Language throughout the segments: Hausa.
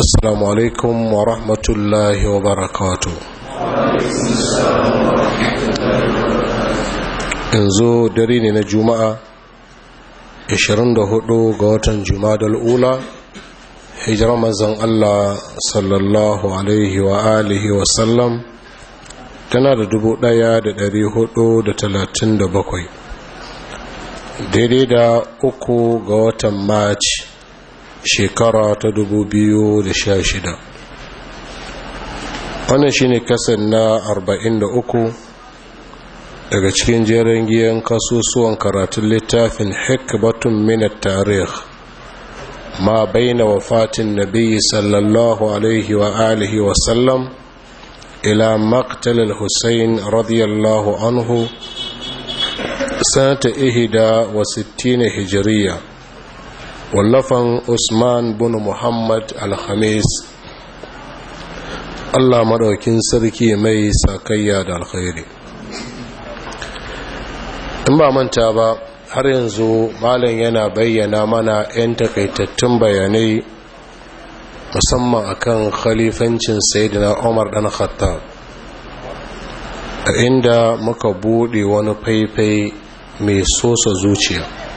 السلام عليكم ورحمة الله وبركاته yanzu dare ne na juma'a 24 ga watan juma'a ula hijirar mazan allah sallallahu alaihi wa alihi wasallam tana da 1437 daidai da uku ga watan maci shekara ta dubu biyu da sha shida. wannan shine kasan na arba'in da uku daga cikin jerin giyan kasusuwan karatun littafin Hikmatun minat tarih ma baina wafatin nabi sallallahu alaihi wa alihi wa sallam ila maktalil hussain radiyallahu anhu sanata ihida wa sittina hijiriya wallafan usman bin muhammad alhamis allah maɗaukin sarki mai sakayya da alkhairi in ba manta ba har yanzu malam yana bayyana mana 'yan takaitattun bayanai musamman akan khalifancin sayyidina umar dan khattab a inda muka buɗe wani faifai mai sosa zuciya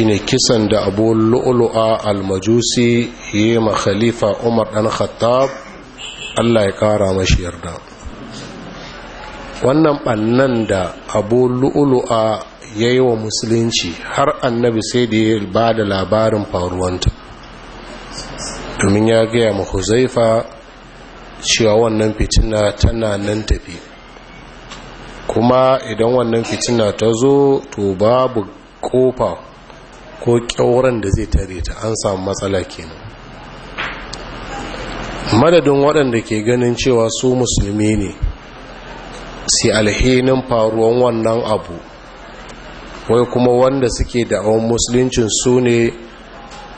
shine kisan da abu lu'lu'a al-majusi yi ma khalifa umar dan khattab allah ya kara mashi yarda wannan bannan da abu lu'lu'a yayi wa musulunci har annabi sai da ya ba da labarin faruwanta domin ya gaya ma huzaifa cewa wannan fitina tana nan tafi kuma idan wannan fitina ta zo to babu kofa ko kyauran da zai tare ta an samu matsala kenan madadin waɗanda ke ganin cewa su musulmi ne si alhinin faruwan wannan abu wai kuma wanda suke awon musuluncin su ne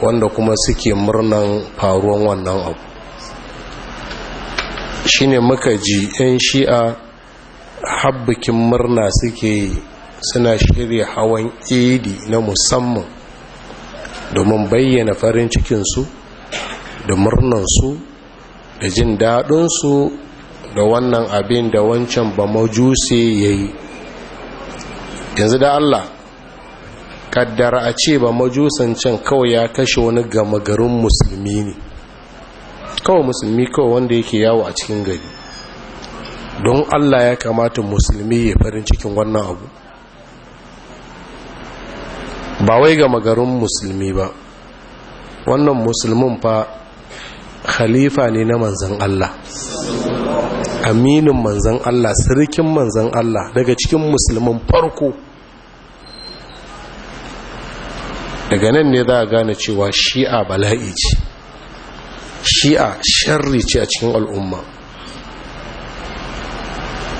wanda kuma suke murnan faruwan wannan abu shi ne muka ji 'yan shi'a habbikin murna suke suna shirya hawan idi na musamman domin bayyana farin cikinsu da murnansu da jin daɗinsu da wannan abin da wancan ba majuse ya yi yanzu da allah kaddara a ce ba majusan can kawai ya kashe wani gama garin musulmi ne kawai musulmi kawai wanda yake yawo a cikin gari don allah ya kamata musulmi ya farin cikin wannan abu ba wai ga magarin musulmi ba wannan musulmin fa khalifa ne na manzan Allah aminin manzan Allah sirikin manzan Allah daga cikin musulmin farko daga nan ne za a gane cewa shi'a bala'i ce shi'a sharri ce a cikin al'umma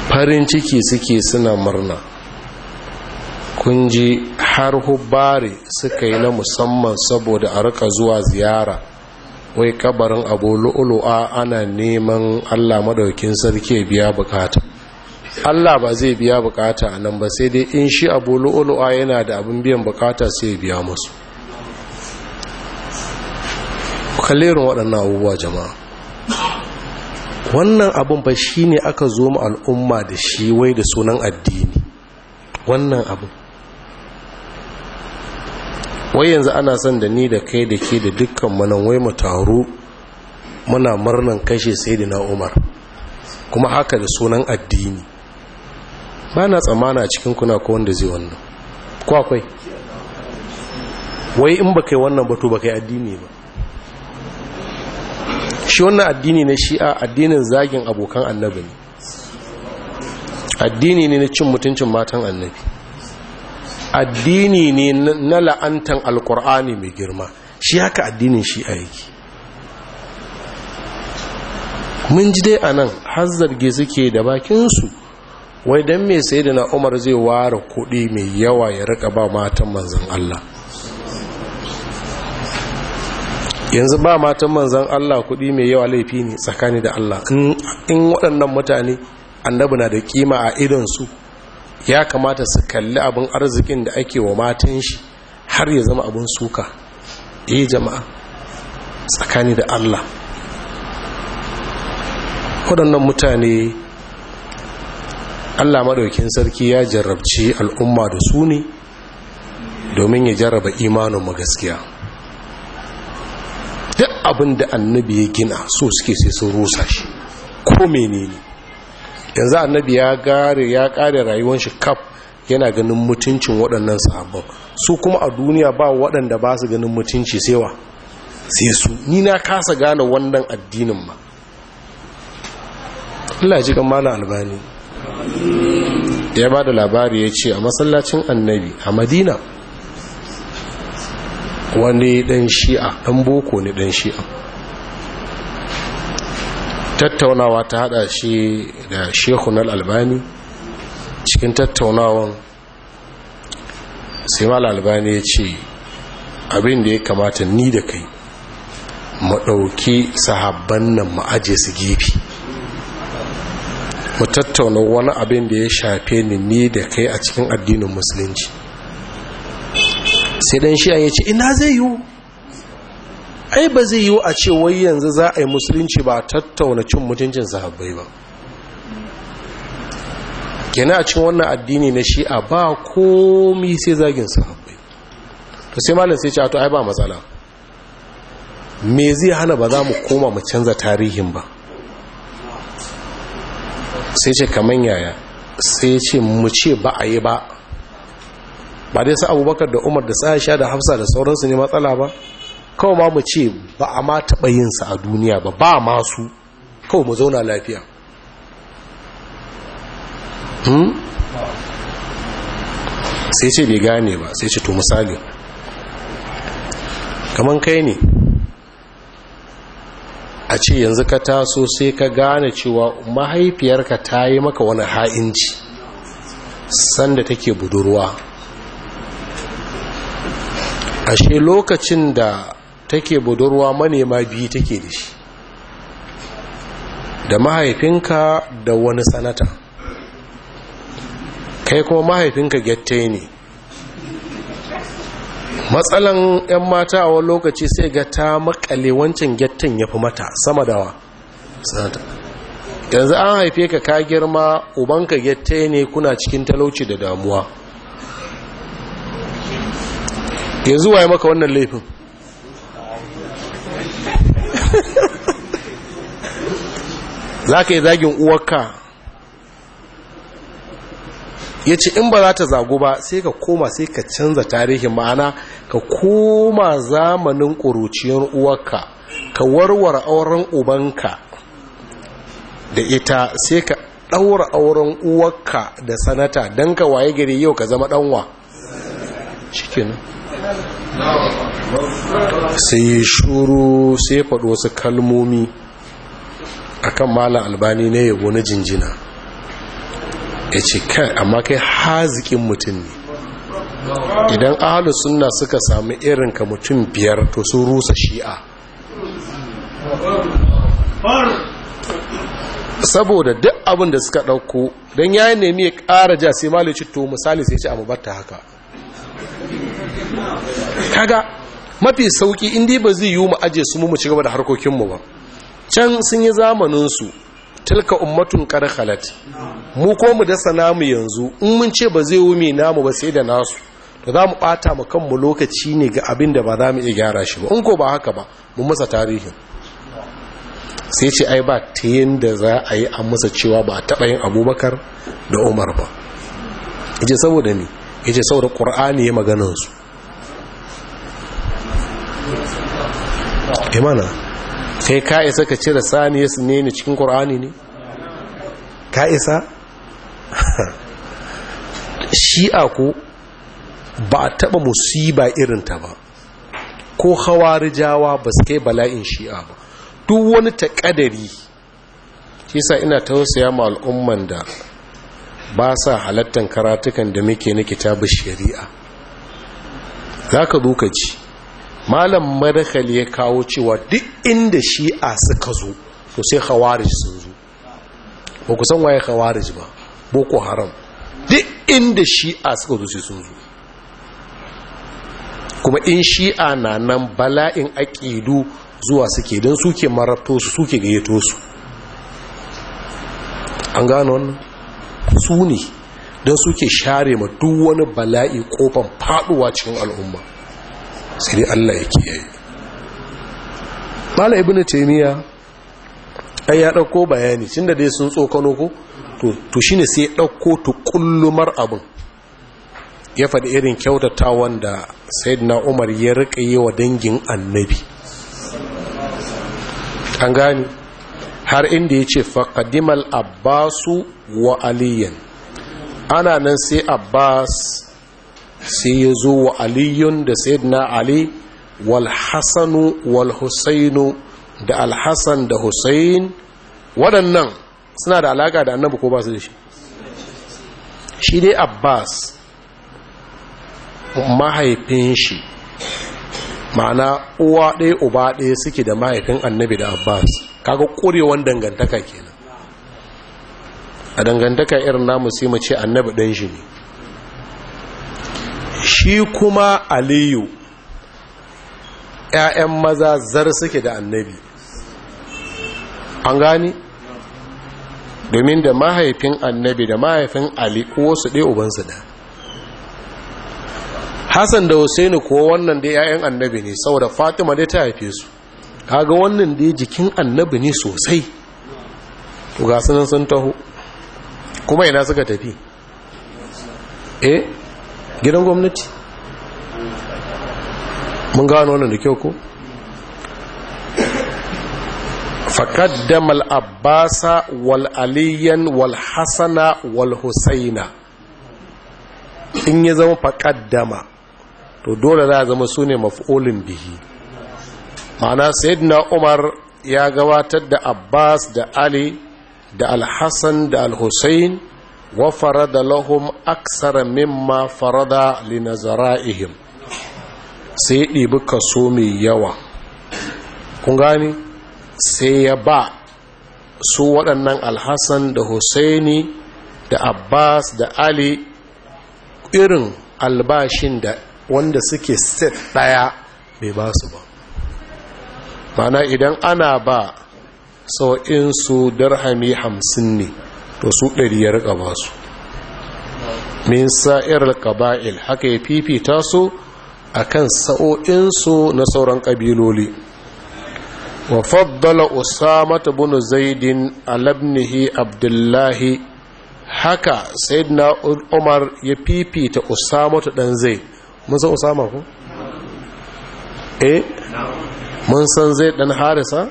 farin ciki suke suna murna kun ji har Hubari suka yi na musamman saboda a rika zuwa ziyara wai kabarin abu lu'ulu'a ana neman allah maɗaukin sarki biya bukata allah ba zai biya bukata a nan ba sai dai in shi abu lu'ulu'a yana da abin biyan bukata sai biya musu kallerin waɗannan abubuwa jama'a wannan abin ba shi ne aka zo mu al'umma da shi wai da sunan addini wannan abin wai yanzu ana son da ni da kai da ke da dukkan manan wai mu taru muna murnan kashe sayyidina umar kuma haka da sunan addini ba na tsamana cikin kuna ko wanda zai wannan ko akwai wai in ba kai wannan batu ba kai addini ba shi wannan addini na shi'a addinin zagin abokan annabi ne addini ne na cin mutuncin matan annabi addini ne na la'antan alkur'ani mai girma shi haka addinin shi a mun ji dai a nan har zarge suke da bakinsu wai don mai sai da na umar zai ware kuɗi mai yawa ya rika ba matan manzan Allah yanzu ba matan manzan Allah kuɗi mai yawa laifi ne tsakani da Allah in waɗannan mutane annabi na da kima a su. ya kamata su kalli abin arzikin da ake wa matan shi har ya zama abin suka eh jama'a tsakani da Allah waɗannan mutane Allah maɗaukin sarki ya jarrabci al'umma da su ne domin ya jarraba imanin gaskiya. duk abin da annabi ya gina so suke sai sun rusa shi ko menene ne yanzu annabi ya gare ya kare rayuwar shi kaf yana ganin mutuncin waɗannan sahabban su kuma a duniya ba waɗanda ba su ganin mutunci sewa sai su ni na kasa gane wannan addinin ma Allah ji kan albani ya ba da labari ya ce a masallacin annabi a madina wani dan shi'a dan boko ne dan shi'a tattaunawa ta hada shi da shekun albani cikin tattaunawan sai ma albani ya ce abin da ya kamata ni da kai mu ɗauki sahabban nan mu aje su gefe mu tattauna wani abin da ya shafe ni ni da kai a cikin addinin musulunci sai dan shi ya ce ina zai yiwu ai ba zai yiwu a ce wai yanzu za a yi musulunci ba tattauna cin mutuncin sahabbai ba gina a cin wannan addini na shi'a ba komi sai zagin sahabbai to sai malam sai ce to ai ba matsala me zai hana ba za mu koma mu canza tarihin ba sai ce kaman yaya sai ce mu ce ba a yi ba ba dai su abubakar da umar da sa'asha da hafsa da sauransu ne matsala ba kawai ma mu ce ba a ma taɓa yinsa a duniya ba ba masu kawai mu zauna lafiya hmm? sai ce bai gane ba sai ce to misali kamar kai ne a ce yanzu ka taso sai ka gane cewa mahaifiyarka ta yi maka wani ha'inci sanda take budurwa ashe lokacin da take budurwa manema biyu take da shi da mahaifinka da wani sanata kai kuma mahaifinka gyatta ne matsalan 'yan mata a wani lokaci sai ga ta makale wancan gyattan ya fi mata sama dawa sanata yanzu an haife ka ka girma ubanka gyatta ne kuna cikin talauci da damuwa yanzu waye maka wannan laifin za ka yi zagin uwarka ya ce in ba za ta zago ba sai ka koma sai ka canza tarihin ma'ana ka koma zamanin ƙuruciyar uwarka ka warware auren ubanka da ita sai ka ɗaura auren uwarka da sanata don ka waye gari yau ka zama ɗanwa shi sai shuru sai faɗi wasu kalmomi a kan malam albani ne yabo na jinjina ya ce kai amma kai hazikin mutum ne idan ahalus suna suka sami irin ka mutum biyar to su rusa shi'a saboda duk abin da suka ɗauko don ya nemi ya ƙara ja sai malici to misali sai ci abu haka kaga mafi sauki indi ba zai yi mu aje su mu mu ci gaba da harkokin mu ba can sun yi zamanin su tilka ummatun kar mu ko mu dasa namu yanzu in mun ce ba zai wumi namu ba sai da nasu to za mu bata mu kanmu lokaci ne ga abin da ba za mu iya gyara shi ba in ko ba haka ba mu masa tarihin sai ce ai ba ta da za a yi an masa cewa ba a taɓa yin abubakar da umar ba ce saboda ne ce saboda ƙur'ani ya su imana sai ka isa ka cire ya su ne cikin ƙorani ne ka isa shi'a ko ba a taɓa musiba irinta ba ko jawa ba su kai bala'in shi'a ba duk wani taƙadari shi sa ina tausaya ma al'umman da ba sa halattan karatukan da muke na kitabu shari'a za ka zo ka malam madakal ya kawo cewa duk inda shi'a suka zo to sai khawarij sun zo ba ku san waye khawarij ba boko haram duk inda shi'a suka zo sai sun zo kuma in shi'a na nan bala'in aƙidu zuwa suke don suke marabto su suke gayyato su an gano wannan su ne don suke share ma duk wani bala'i kofan faduwa cikin al'umma sai dai Allah ya kiyaye mala ibnu taymiya ai ya dauko bayani tunda dai sun tsokano ko to to shine sai ya dauko kullumar abun ya faɗi irin kyautata wanda sayyidina Umar ya rika yi wa dangin annabi an gani har inda yace ce faƙadimal abbasu wa aliyan ana nan sai abbas sai ya zo wa aliyun da sayyidina ali wal hasanu wal da alhassan da husain waɗannan suna da alaƙa da annabi ko ba su da shi shi dai abbas mahaifin shi ma'ana uwa ɗaya uba ɗaya suke da mahaifin annabi da abbas kaga ƙurewan dangantaka kenan a dangantaka irin namu sai mu ce annabi ɗan shi ne shi kuma aliyu ‘ya'yan maza zar suke da annabi an gani domin da mahaifin annabi da mahaifin ali kowasu uban ubansu da hassan da Hussaini ko wannan da ‘ya'yan annabi ne saboda fatima da ta haife su kaga wannan da jikin annabi ne sosai to ga sun taho kuma ina suka tafi eh gidan gwamnati mun gano wannan da kyau ko فقدم العباس walaliyan walhasana walhusaina in ya zama faƙaddama to dole za a zama su ne maf'ulin bihi ma'ana sayyidina umar ya gabatar da abbas da ali da alhassan da alhussein wa da lahum aksar mimma farada li nazara'ihim sai ɗibi kaso mai yawa kun gani sai ya ba su waɗannan alhassan da Hussaini da abbas da ali irin albashin da wanda suke set ɗaya bai ba su ba mana idan ana ba sau'insu darhami hamsin ne to su ɗari ya rika ba su min sa'ir qaba'il haka ya fifita su a akan sa'o'insu na sauran ƙabiloli wa faddala usama bunu zaidin alabnihi abdullahi haka na umar ya fifita usama ɗan zai. mun san usama ku? eh mun san zai ɗan harisa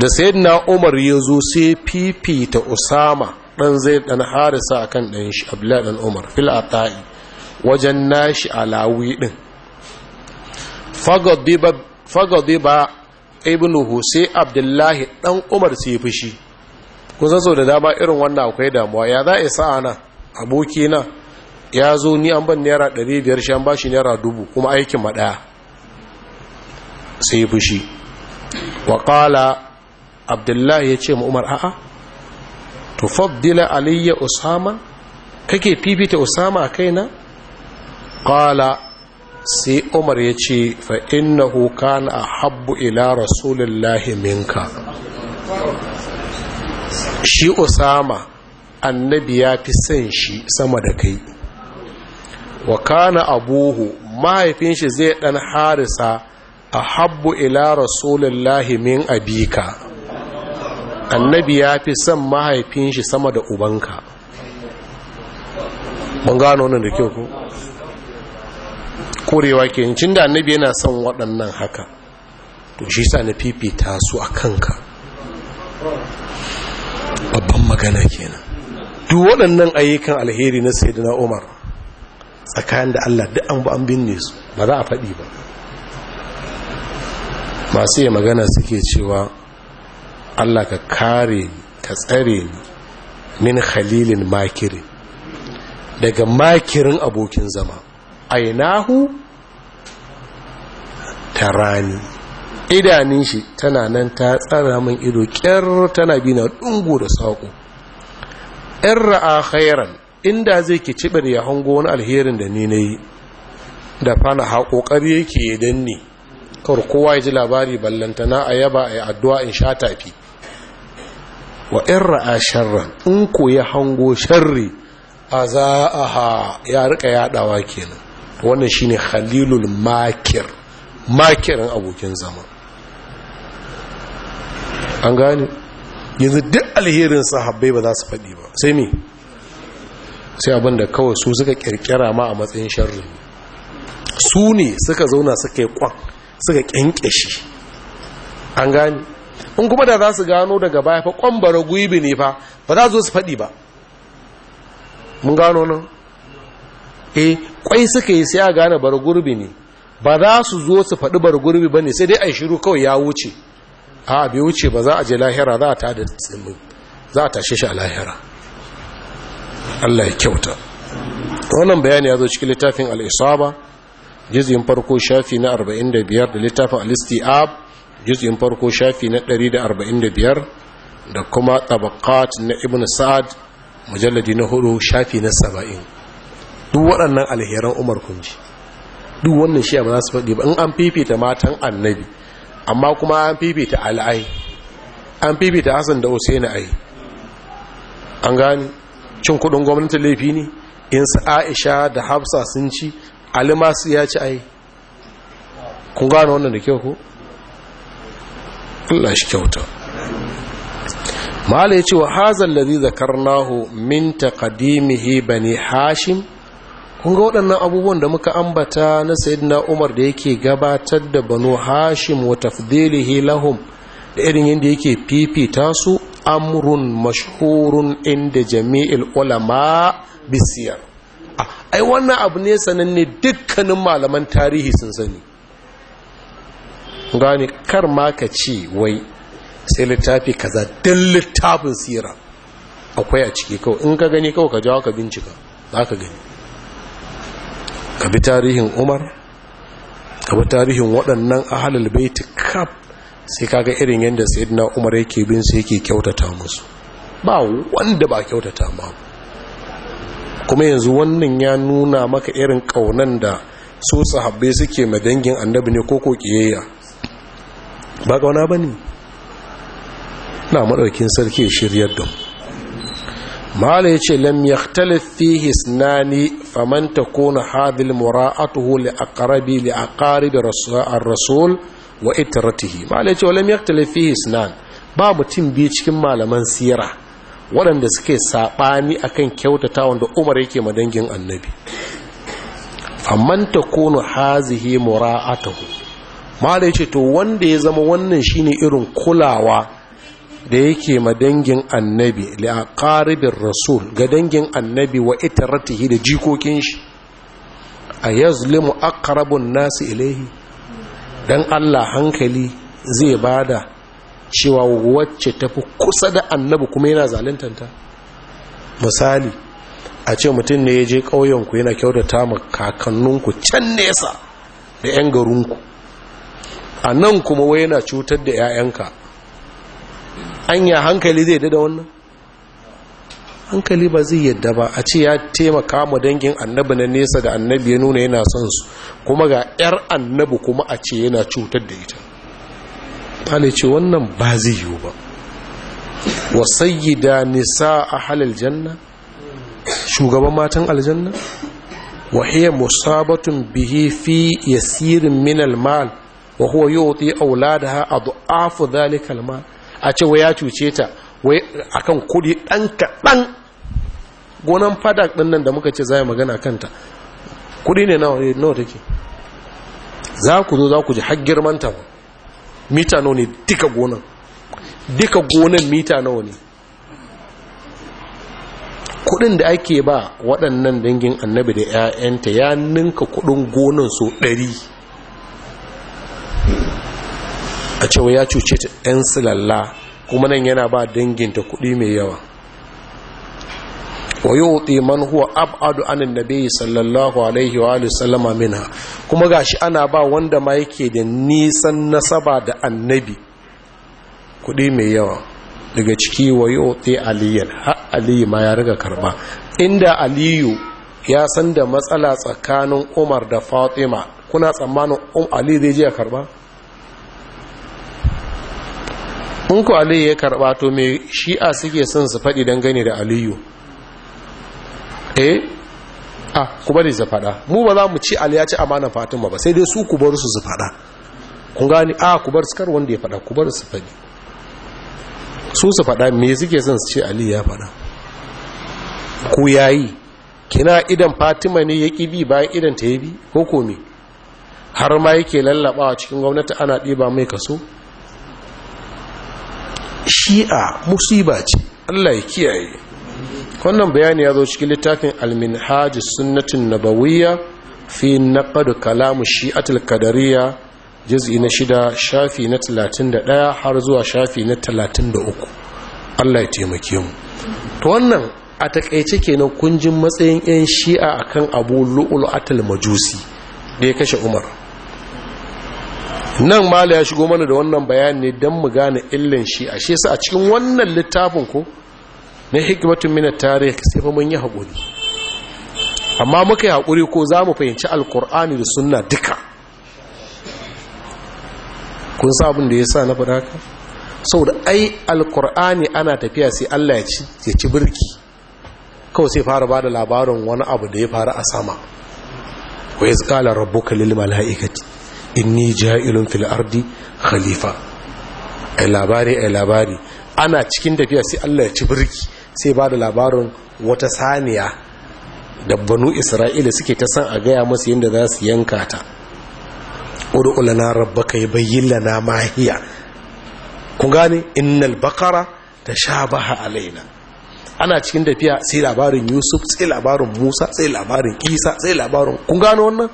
da sayyidina umar ya zo sai fifita usama dan zai dan harisa akan dan shi abdullahi dan umar fil ata'i wajen nashi alawi din fagadiba ba ibnu husayn abdullahi ɗan umar sai fushi kusan sau da dama irin wannan akwai damuwa ya za a sa aboki abokina ya zo ni an ban naira 500 shi an ba naira dubu kuma aikin maɗaya sai fushi Wakala. abdullahi ya ce ma umar a'a tufaddila aliyya usama kake fifita usama a kaina kala sai umar ya ce fa hukana kana habbu ila rasulillahi minka shi usama annabi ya fi son shi sama da kai wa kana abuhu mahaifin shi zai dan harisa a habbu ila rasulullahi min abika annabi ya fi son mahaifin shi sama da ubanka mun gano wannan da kyau ku korewa ke yancin da annabi yana son waɗannan haka to shi sa na fifita su a kanka babban magana kenan duk waɗannan ayyukan alheri na sayyidina umar tsakanin da allah duk an binne su ba za a faɗi ba masu yi magana suke cewa Allah ka kare ni ka tsare ni min khalilin makiri daga makirin abokin zama ainahu tarani Idanin shi tana nan ta tsara min ido kyar tana bi na dungu da saƙo in ra'a khairan inda zai ke cibir ya hango wani alherin da ni na yi da fana ha ƙoƙari yake ya danne kar kowa ya ji labari ballantana a yaba a yi addu'a in sha tafi wa in ra'a sharran in ko ya hango sharri ha ya rika yadawa kenan wannan shine khalilul makir makirin abokin zama an gane yanzu duk alherin sahabbai ba za su faɗi ba sai me sai abinda kawai su suka kirkira ma a matsayin sharri su ne suka zauna suka yi kwan suka kyankyashi an gani in kuma da za su gano daga baya fa kwambara gwibi ne fa ba za su su faɗi ba mun gano nan E, kwai suka yi sai a gane bar gurbi ne ba za su zo su faɗi bar gurbi ba ne sai dai a shiru kawai ya wuce a bai wuce ba za a je lahira za a ta da tsimin za a tashe shi a lahira Allah ya kyauta wannan bayani ya zo cikin littafin al'isaba isaba farko shafi na 45 da littafin al juz'in farko shafi na 145 da kuma tabaqat na ibn sa'ad mujalladi na hudu shafi na 70 duk waɗannan alheran umar kunji duk wannan shi ba za su faɗi ba in an fifita matan annabi amma kuma an fifita al'ai an fifita hasan da usaini ai an gani cin kudin gwamnati laifi ne in su aisha da hafsa sun ci alimasu ya ci ai kun gane wannan da kyau ko Allah shi kyauta mala ya ce wa hazan lazi zakarnahu min taqdimihi bani hashim Kunga waɗannan abubuwan da muka ambata na sayyidina umar da yake gabatar da banu hashim wa tafdilihi lahum da irin yadda yake fifita su amrun mashhurun inda jami'il ulama bisiyar ah, ai wannan abu ne sananne dukkanin malaman tarihi sun sani gani kar ma ka ce wai sai littafi kaza don littafin sira akwai a ciki kawai in ka gani kawai ka jawo ka bincika za ka gani ka bi tarihin umar ka bi tarihin waɗannan bai baiti kaf sai ka ga irin yadda sayyidina umar yake bin sai yake kyautata musu ba wanda ba kyautata ma kuma yanzu wannan ya nuna maka irin ƙaunan da su sahabbai suke ma dangin annabi ne ko ko ƙiyayya ba ƙauna ba ne na maɗaukin sarki shiryar da mala ya ce lam ya talafi hisnani famanta kona hadil mura'atuhu li aqrabi li aqaribi ar-rasul wa itratihi mala ya ce lam ya talafi hisnan ba mutum biyu cikin malaman sira waɗanda suke saɓani akan kyautata wanda umar yake madangin annabi famanta kona hazihi mura'atuhu mala ya ce to wanda ya zama wannan shine irin kulawa da yake ma dangin annabi liakaribin rasul ga dangin annabi wa ita ratihi da jikokin shi A ayazlimu aqrabun nasu ilaihi don Allah hankali zai bada cewa wacce tafi kusa da annabi kuma yana zalintanta misali a ce mutum ne ya je ƙauyenku yana kyautata ma kakanninku can nesa da 'yan garinku a nan kuma wai yana cutar da 'ya'yanka anya hankali zai dada wannan hankali ba zai yadda ba a ce ya taimaka mu dangin annabi na nesa da annabi ya nuna yana son su kuma ga 'yar annabi kuma a ce yana cutar da ita ta ce wannan ba zai yiwu ba wa sayyida nisa a halal janna shugaban matan aljanna wa hiya musabatun bihi fi yasirin minal mal wa huwa yuti auladaha adhafu dhalika almal a ce wai ya cuce ta wai akan kudi dan dan gonan fada din nan da muka ce zai magana kanta kudi ne nawa eh, nawa take za ku zo za ku ji har girman ta mita nawa ne duka gonan duka gonan mita nawa ne kudin da ake ba waɗannan dangin annabi da 'ya'yanta ya ninka kudin gonan so ɗari a cewa ya cuce ta yan silalla kuma nan yana ba danginta kuɗi mai yawa wa manhu man huwa ab'adu da bai sallallahu alaihi wa salama sallama kuma gashi ana ba wanda ma yake da nisan nasaba da annabi kuɗi mai yawa daga ciki wa wuɗe aliyan har aliyu ma ya riga karba inda aliyu ya san da matsala tsakanin umar da fatima kuna tsammanin um zai je ya karba in ku aliyu ya karɓa to me shi'a suke son su faɗi don gani da aliyu eh a ah, ku bari su faɗa mu ba za mu ci aliyu ci amanan fatima ba sai dai su ku bar su su faɗa kun gani a ah, ku bar su kar wanda ya faɗa ku bar su faɗi su su faɗa me suke son su ce Aliyu ya faɗa ku yayi kina idan fatima ne ya ƙi bi bayan idan ta yi bi ko ko me har ma yake lallaɓawa cikin gwamnati ana ɗiba mai kaso shi'a musiba ce Allah ya kiyaye wannan bayani ya zo cikin littafin al-minhaj sunnatin nabawiyya fi naqd kalam shi'atul qadariyya juz'i na shida shafi na 31 har zuwa shafi na 33 Allah ya taimake mu to wannan a takeice kenan kunjin matsayin yan shi'a akan Abu Lu'lu'atul Majusi da ya kashe Umar nan mala ya shigo mana da wannan bayani ne don mu gane illan shi a shi a cikin wannan littafin ko na hikmatun mina tarihi sai fa mun yi haƙuri amma muka yi haƙuri ko za mu fahimci alkur'ani da suna duka kun sa da ya sa na faɗa ka saboda ai alkur'ani ana tafiya sai allah ya ci ya ci birki kawai sai fara ba da labarin wani abu da ya fara a sama wa ya zikala rabu lil mala'ikati inni ja'ilun fil ardi khalifa ai labari ai labari ana cikin tafiya sai Allah ya ci birki sai ba da labarin wata saniya da banu isra'ila suke ta san a gaya masu yadda za su yanka ta udu'ulana rabbaka ya na mahiya kun gane innal bakara ta sha baha alaina ana cikin tafiya sai labarin yusuf sai labarin musa sai labarin isa sai labarin kun gano wannan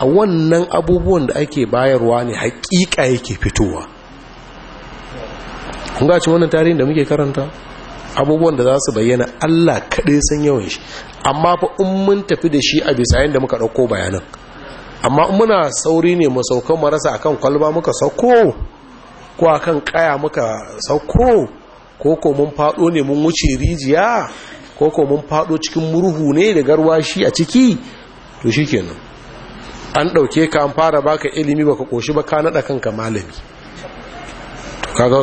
a wannan abubuwan da ake bayarwa ne hakika yake fitowa kun gaci wannan tarihin da muke karanta abubuwan da za su bayyana Allah kaɗai san yawan shi amma fa in mun tafi da shi a bisa yadda muka ɗauko bayanan amma in muna sauri ne mu saukan marasa akan kwalba muka sauko ko akan kaya muka sauko ko ko mun faɗo ne mun wuce rijiya ko ko mun faɗo cikin murhu ne da garwashi a ciki to shi kenan. an ɗauke ka an fara baka ilimi baka koshi ba ka naɗa kanka malami kaga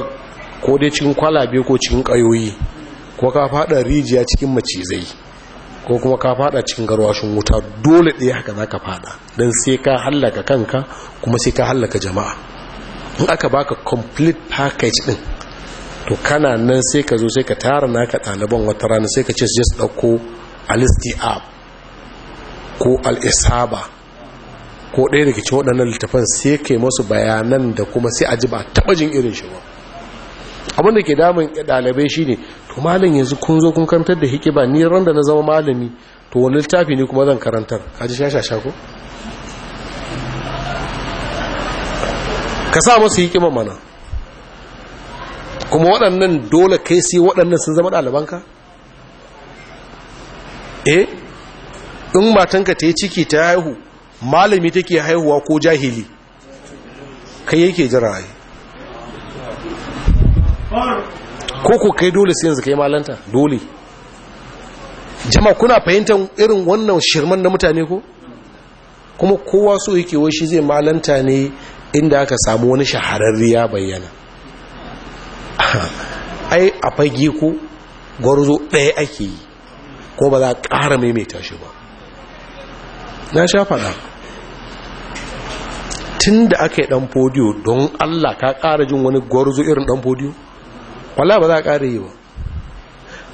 ko dai cikin kwalabe ko cikin ƙayoyi ko ka faɗa rijiya cikin macizai ko kuma ka faɗa cikin garwashin wuta dole ɗaya haka za ka faɗa don sai ka hallaka kanka kuma sai ka hallaka jama'a in aka baka complete package ɗin to kana nan sai ka zo sai ka tara naka ɗaliban wata rana sai ka ce su je su ɗauko ko ko al'isaba ko ɗaya daga cikin waɗannan littafan sai ke masu bayanan da kuma sai a ji ba taɓa jin irin shi ba abin da ke damun ɗalibai shine to malam yanzu kun zo kun kantar da hikima ni ran da na zama malami to wani littafi ne kuma zan karantar kaji shashasha ko ka sa masu hikima mana kuma waɗannan dole kai sai waɗannan sun zama ɗalibanka eh in matanka ta yi ciki ta haihu malami take haihuwa ko jahili kai yake jira yi ko ko kai dole sai yanzu kai malanta dole jama kuna fahimtar irin wannan shirman na mutane ko kuma kowa so yake wai shi zai malanta ne inda aka samu wani shahararriya bayyana ai a fage ko gwarzo ɗaya ake yi ko ba za a ƙara maimaita shi ba na sha faɗa tun da aka yi ɗan fodiyo don allah ka ƙara jin wani gwarzo irin ɗan fodiyo wala ba za a ƙara yi ba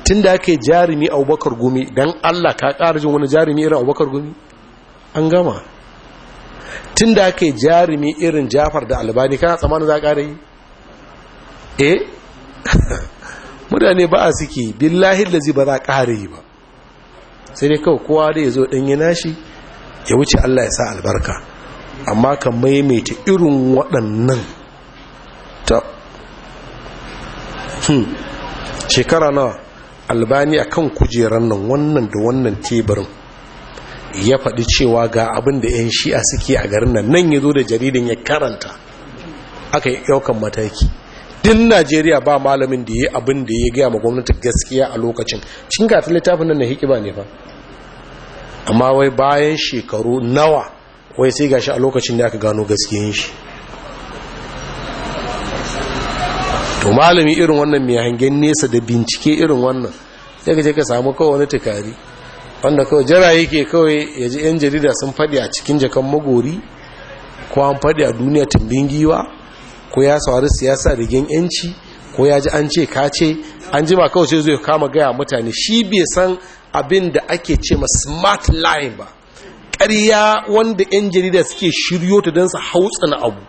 tun da aka yi jarumi a abubakar gumi don allah ka ƙara jin wani jarumi irin abubakar gumi an gama tun da aka yi jarumi irin jafar da albani kana tsamanin za a ƙara yi eh mutane ba a suke billahi da zai ba za a ƙara yi ba sai dai kawai kowa da ya zo ɗanyi nashi ya wuce Allah ya sa albarka amma ka maimaita irin waɗannan ta hmm. shekara na albani a kan kujerar nan wannan da wannan teburin ya faɗi cewa ga abin da 'yan shi'a suke a garin nan nan ya zo da jaridin ya karanta aka yi ɗaukan mataki din najeriya ba malamin da ya abin da ya gaya ma gwamnati gaskiya a lokacin cin gata littafin nan na hikima ne ba amma wai bayan shekaru nawa wai sai gashi a lokacin da aka gano gaskiyan shi to malami irin wannan mai hangen nesa da bincike irin wannan sai ka je ka samu kawai wani tukari wanda kawai jira yake kawai ya ji 'yan jarida sun faɗi a cikin jakan magori ko an faɗi a duniya tumbin giwa ko ya saurari siyasa da rigen 'yanci ko ya ji an ce kace an ji ba kawai sai zai kama gaya mutane shi bai san abin da ake ce ma smart line ba ƙarya wanda 'yan jarida suke shiryo ta don su hautsana abu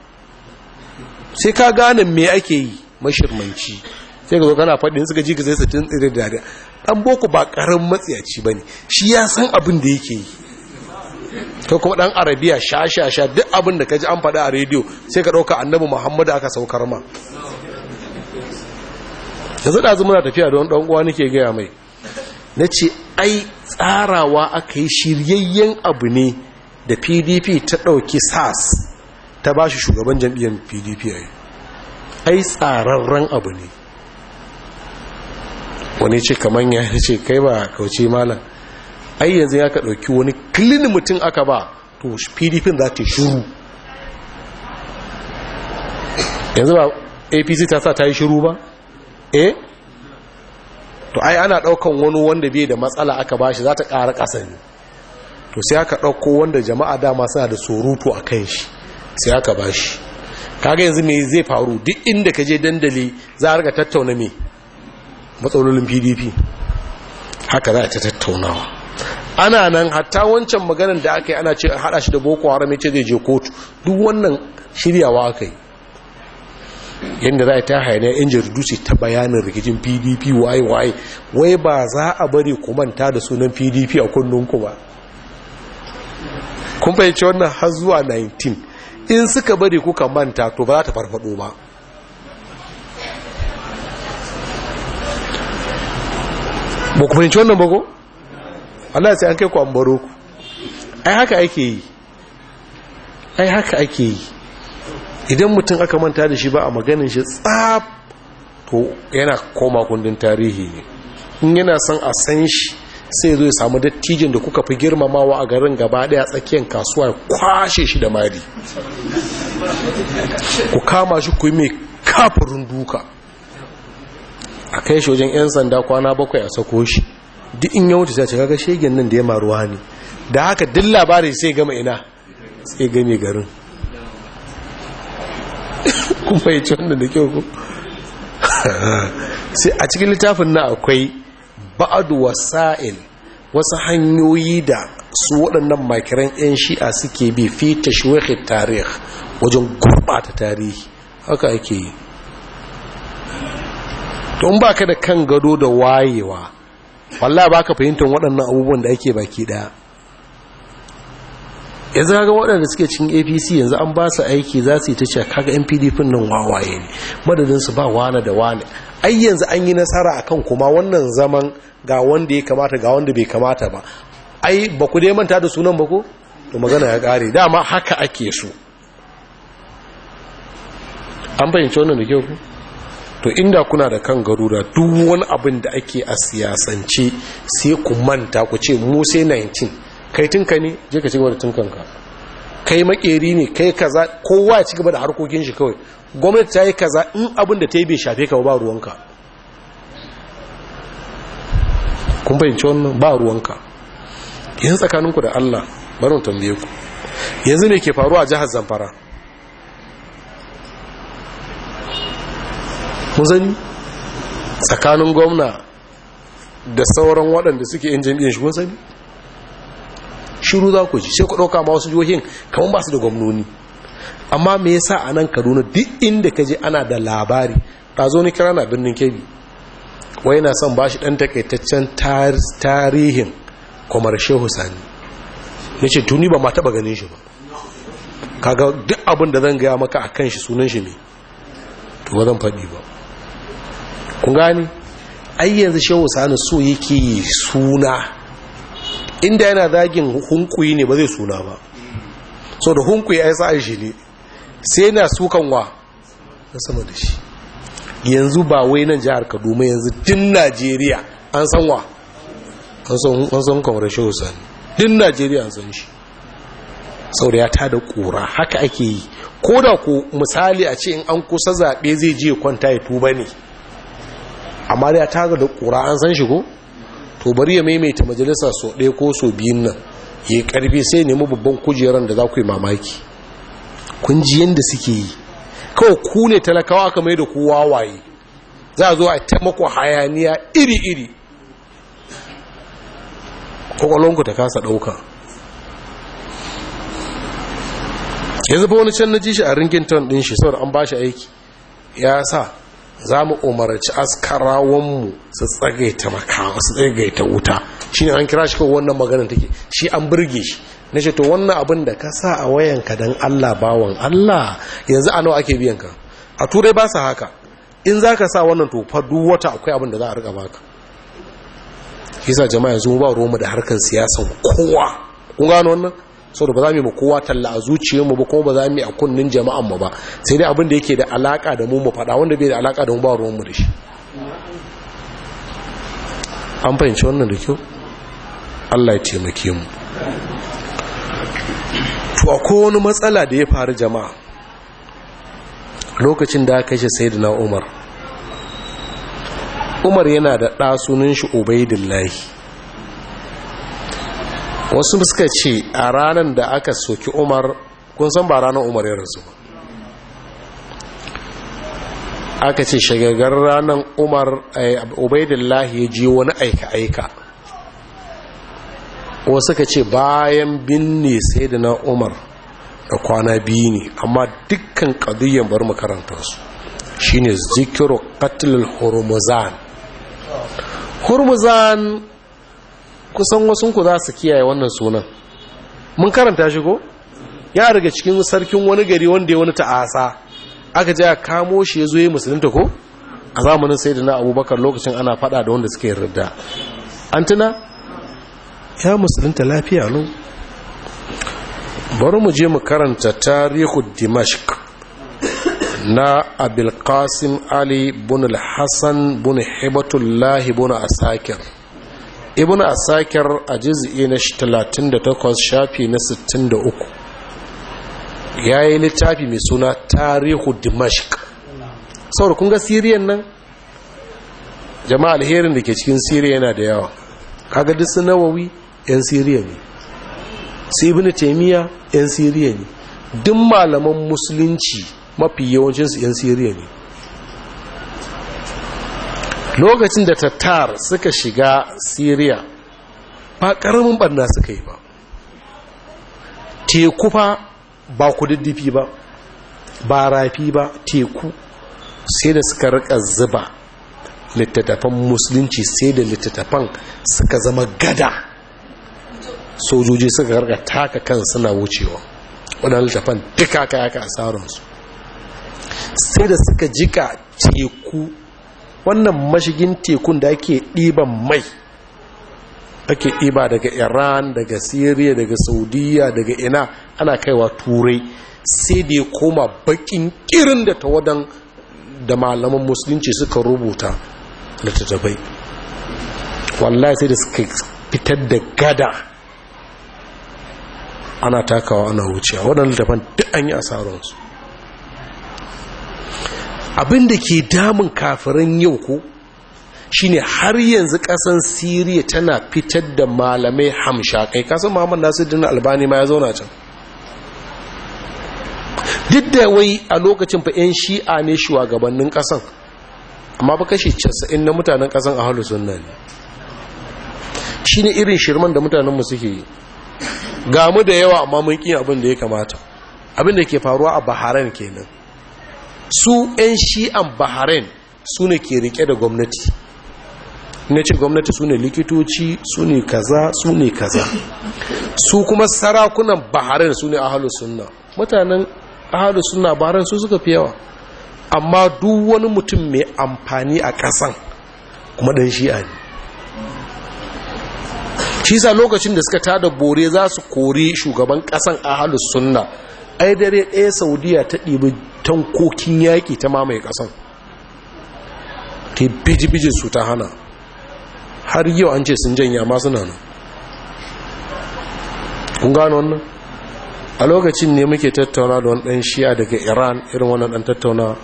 sai ka gane me ake yi mashirmanci sai ka zo kana faɗin suka ji ka zai satin tsirin dariya ɗan boko ba ƙarar matsiyaci ba ne shi ya san abin da yake yi Ka kuma ɗan arabiya sha sha sha duk abin da ka ji an faɗa a rediyo sai ka ɗauka annabi muhammadu aka saukar ma yanzu ɗazu muna tafiya don ɗan uwa nake gaya mai na ce ai tsarawa aka yi shiryayyen abu ne da pdp ta ɗauki sas ta ba shi shugaban jam'iyyar pdp a yi ai tsararren abu ne wani ce kamar ya ce kai ba kauce malam ai yanzu ya ka ɗauki wani kilin mutum aka ba to pdp za ta shuru yanzu ba apc ta sa ta yi shuru ba eh to ai ana ɗaukan wani wanda bai da matsala aka bashi za ta ƙara ƙasa ne to sai aka ɗauko wanda jama'a dama suna da surutu a kan shi sai aka bashi kaga yanzu mai zai faru duk inda ka je dandali za a riga tattauna me matsalolin pdp haka za a ta tattaunawa ana nan hatta wancan maganar da aka yi ana ce haɗa shi da boko haram ya ce zai je kotu duk wannan shiryawa aka yi yadda za a ta haina yan jaridu ce ta bayanin rikicin pdp waye-waye wai ba za a bari kumanta da sunan pdp a kunnunku ba kun fahimci wannan har zuwa 19 in suka bari kuka manta to ba za ta farfado ba ba ku fahimci wannan bago? Allah sai an kai ku an baro ku ai haka ake yi ai haka ake yi idan mutum aka manta da shi ba a maganin shi tsab to yana koma kundin tarihi ne in yana son a san shi sai zo ya samu dattijin da kuka fi girmamawa a garin gaba daya tsakiyar kasuwa kwashe shi da mari ku kama shi ku yi mai kafirin duka a kai shi wajen 'yan sanda kwana bakwai a sako shi duk in ya ta cika kaga shegen nan da ya maruwa ne da haka duk labari sai gama ina sai gami garin kun fahimci wannan da kyau ku sai a cikin littafin na akwai ba'adu wasa'il wasu hanyoyi da su waɗannan makiran 'yan shi'a suke bi fi tashwihi tarih wajen gurɓata tarihi haka ake yi don ka da kan gado da wayewa wallah ka fahimtar waɗannan abubuwan da ake baki ɗaya yanzu kaga waɗanda suke cikin apc yanzu an ba su aiki za su yi ta ce kaga yan pdp nan wawaye ne madadin su ba wane da wane ai yanzu an yi nasara akan kuma wannan zaman ga wanda ya kamata ga wanda bai kamata ba ai ba ku dai manta da sunan ba ko to magana ya ƙare dama haka ake so an fahimci wannan da kyau to inda kuna da kan garura duk wani abin da ake a siyasance sai ku manta ku ce mu sai 19 kai tunka ne je ka cigaba da tinkanka kai makeri ne kai kaza kowa ya cigaba da harkokin shi kawai gwamnati ta yi kaza in abin da ta yi bai shafe ka ba ruwanka kun fahimci wannan ba ruwanka yin tsakaninku da Allah barin tambaye ku yanzu ne ke faruwa a jihar Zamfara mun zani tsakanin gwamna da sauran waɗanda suke yin jami'in shi kun zani. shiru za ku ji sai ku ɗauka ma wasu jihohin kamar ba su da gwamnoni amma me yasa a nan kaduna duk inda ka je ana da labari ta zo ni kira na birnin kebi wai na son ba shi ɗan takaitaccen tarihin kwamar shehu sani ya ce tuni ba ma taɓa ganin shi ba kaga duk abin da zan gaya maka a kan shi sunan shi ne to ba zan faɗi ba ku gani ai yanzu shehu sani so yake yi suna inda yana zagin hunkuyi ne ba zai suna ba so da hunkuyi ai sa'an shi ne sai yana sukan wa na sama da shi yanzu ba wai nan jihar Kaduma yanzu din najeriya an san wa an san kwamar shi sani din najeriya an san shi Sau da ya tada kura haka ake yi ko da ku misali a ce in an kusa zaɓe zai je kwanta ya tuba ne amma da ya tada da kura an san shi ko to bari ya maimaita majalisa so ɗaya ko so biyun nan ya karfi sai nemi babban kujeran da za ku yi mamaki kun ji yadda suke yi kawai ku ne talakawa aka mai da kowa waye za a zo a taimako hayaniya iri-iri kwakwalonku ta kasa ɗauka Ya zaba wani can na ji shi a ringin ton ɗin shi saboda an ba shi aiki ya sa za mu umarci askarawanmu su tsagaita makawa su tsagaita wuta shi ne an kira shi kawai wannan maganin take shi an burge. shi na ce to wannan abin da ka sa a wayanka don allah bawan allah yanzu a nawa ake biyanka a turai ba su haka in za ka sa wannan to fa duk wata akwai abin da za a rika baka yasa jama'a yanzu ba ruwanmu da harkar siyasan kowa kun gano wannan so da ba za mu yi kowa talla a zuciyarmu ba kuma ba za mu yi a kunnin jama'an mu ba sai dai abin da yake da alaka da mu mu faɗa wanda bai da alaka da mu ba ruwan mu da shi an fahimci wannan da kyau Allah ya taimake mu to akwai wani matsala da ya faru jama'a lokacin da aka kashe sayyidina Umar Umar yana da ɗa sunan shi Ubaidillahi wasu suka ce a ranar da aka soki umar kun san ba ranar umar ya rasu aka ce shagagar ranar umar eh, ubaidillahi ya ji wani aika-aika wasu suka ce bayan binne sai da na umar da kwana biyu ne amma dukkan ƙadiyyar bar makarantarsu shine zikiro katilin hormuzan hormuzan kusan wasu ku za su kiyaye wannan sunan mun karanta shi ko ya daga cikin sarkin wani gari wanda ya wani ta'asa aka ji a kamo shi ya zo ya musulunta ko a zamanin sai da na abubakar lokacin ana fada da wanda suka yarda an tuna ya musulunta lafiya lo bari mu je mu karanta tarihu dimashk na abilkasim ali bunul hassan bunul hibatullahi bunul asakir ibn asakir a jiz'i na 38 shafi na 63 ya yi littafi mai suna tarihu dimashik saboda kun ga siriyan nan jama'a alherin da ke cikin siriya yana da yawa kaga duk nawawi yan siriya ne su ibn taimiyya yan siriya ne duk malaman musulunci mafi yawancinsu yan siriya ne lokacin da tattar suka shiga siriya ba ƙaramin banna suka yi ba teku fa ba kududdufi ba ba rafi ba teku sai da suka rika zuba littattafan musulunci sai da littattafan suka zama gada sojoji suka rika taka kan suna wucewa wadannan littattafan duka kayaka a tsarinsu sai da suka jika teku wannan mashigin tekun da ake ɗiban mai ake ɗiba daga iran daga syria daga saudiya daga ina ana kaiwa turai sai da ya koma bakin kirin da wadan da malaman musulunci suka rubuta littattafai wallahi sai da suka fitar da gada ana takawa ana wucewa waɗanda littattafan duk an yi asararsu abin da ke damun kafirin yau ko shine har yanzu kasan siriya tana fitar da malamai hamshakai kasan muhammad nasiruddin albani ma ya zauna can duk da wai a lokacin fa 'yan shi'a ne shugabannin kasan amma ba kashe 90 na mutanen kasan a halu ne shi ne irin shirman da mutanenmu suke yi gamu da yawa amma mun ƙi abin da ya kamata abin da ke faruwa a baharan kenan su 'yan shi'an bahrain su ne ke rike da gwamnati na ce gwamnati su ne likitoci su ne kaza su ne kaza su kuma sarakunan baharen su ne ahalu sunna mutanen ahalu sunna baharen su suka fi yawa amma duk wani mutum mai amfani a ƙasan kuma ɗan shi'a ne shi sa lokacin da suka tada bore za su kori shugaban ƙasan ahalu sunna ai dare ɗaya saudiya ta ɗibi tankokin yaƙi ta mamaye ƙasan ta biji-biji su ta hana har yau an ce sun janya masu nan kun gano wannan a lokacin ne muke tattauna da wani ɗan shiya daga iran irin wannan ɗan tattauna